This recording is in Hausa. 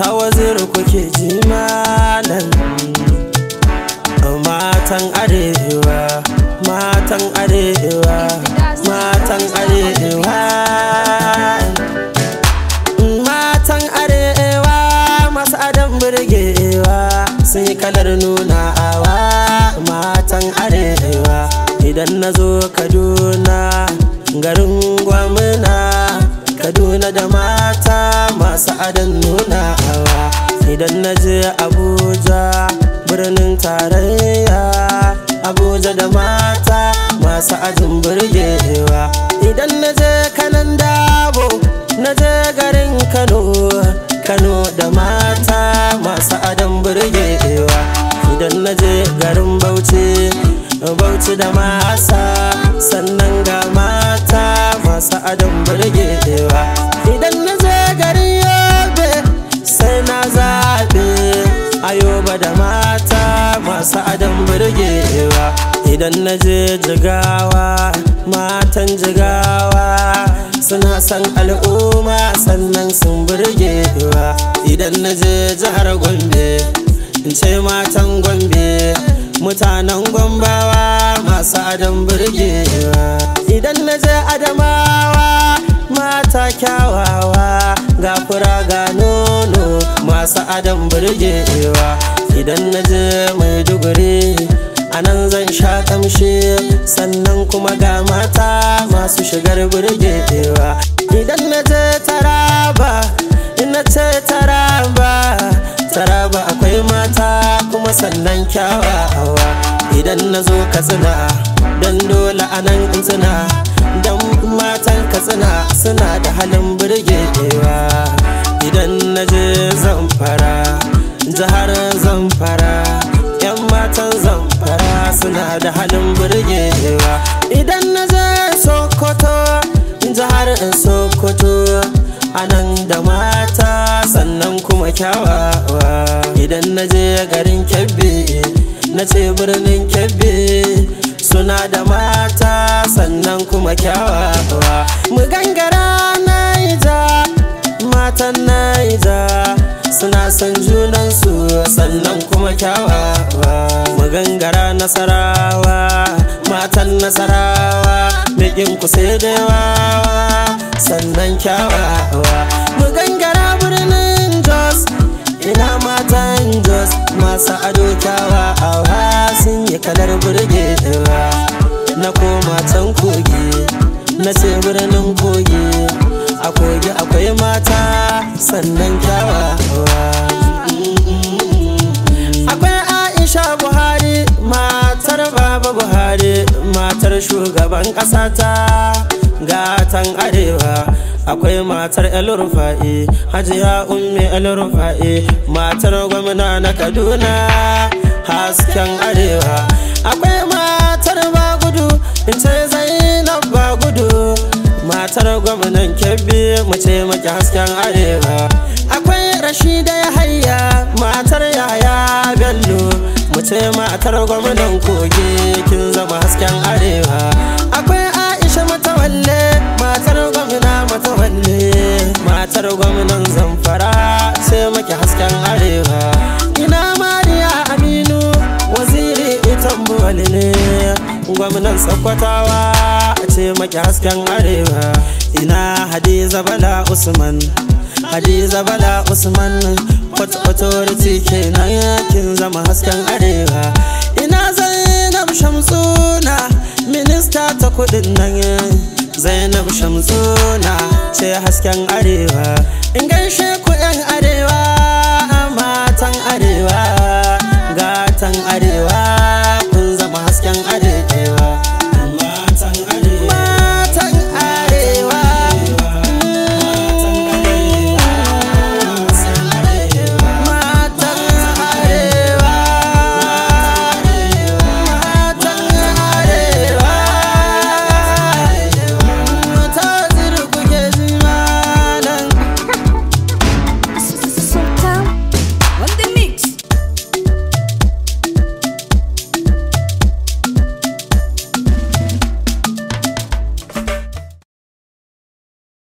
ta waziri kuke ji malam matan arewa matan arewa matan arewa matan arewa masu adam burgewa sun yi kalar nuna awa matan arewa idan na zo kaduna garin gwamna kaduna da mata masu adan nuna awa idan na je abuja birnin tarayya abuja da mata masu ajin birgewa. idan na je kanan dabo na je garin kano kano da mata masu adan burgewa idan na je garin bauchi bauchi da masa sannan ga mata sa'adin burgewa idan na garin yobe sai na zaɓe ayoba da mata masu adon burgewa idan na je jigawa matan jigawa suna san al'umma sannan sun burgewa idan na je jihar gombe in ce matan gombe mutanen gombawa masu adon burgewa idan na je adamawa mata kyawawa ga fura ga nono masu adam burgewa idan na je mai anan zan sha kamshi sannan kuma ga mata masu shigar burgewa idan na je taraba ina ce taraba taraba akwai mata kuma sannan kyawawa idan na zo katsina don dole anan in tsina don matan katsina suna da halin birgewa idan na je zamfara jihar zamfara yan matan zamfara suna da halin birgewa idan na je sokoto jihar sokoto anan da mata sannan kuma kyawawa idan na je garin kebbi na ce birnin kebbi suna da mata sannan kuma kyawawa mu gangara naija matan naija suna son junansu sannan kuma kyawawa mu gangara nasarawa matan nasarawa bikin ku sai da yawa sannan kyawawa mu na sai birnin koge a goge akwai mata sannan kyawa akwai aisha buhari matar baba buhari matar shugaban ƙasa ta gatan arewa akwai matar alurfa'i hajiya umme alurfa'i matar gwamna na kaduna hasken arewa akwai ma gwamnan kebbi mu ce maki hasken arewa akwai rashida ya hayya matar yaya bello mu ce matar gwamnan kogi kin zama hasken arewa akwai aisha matawalle matar gwamna matawalle matar gwamnan zamfara ce maki hasken arewa ina mariya aminu waziri itan buwali gwamnan sakwatawa ce maki hasken arewa ina hadiza bala usman hadiza bala usman port authority yakin zama hasken arewa ina zainab shamsuna minista ta kudin nan zainab shamsuna ce hasken arewa in gaishe ku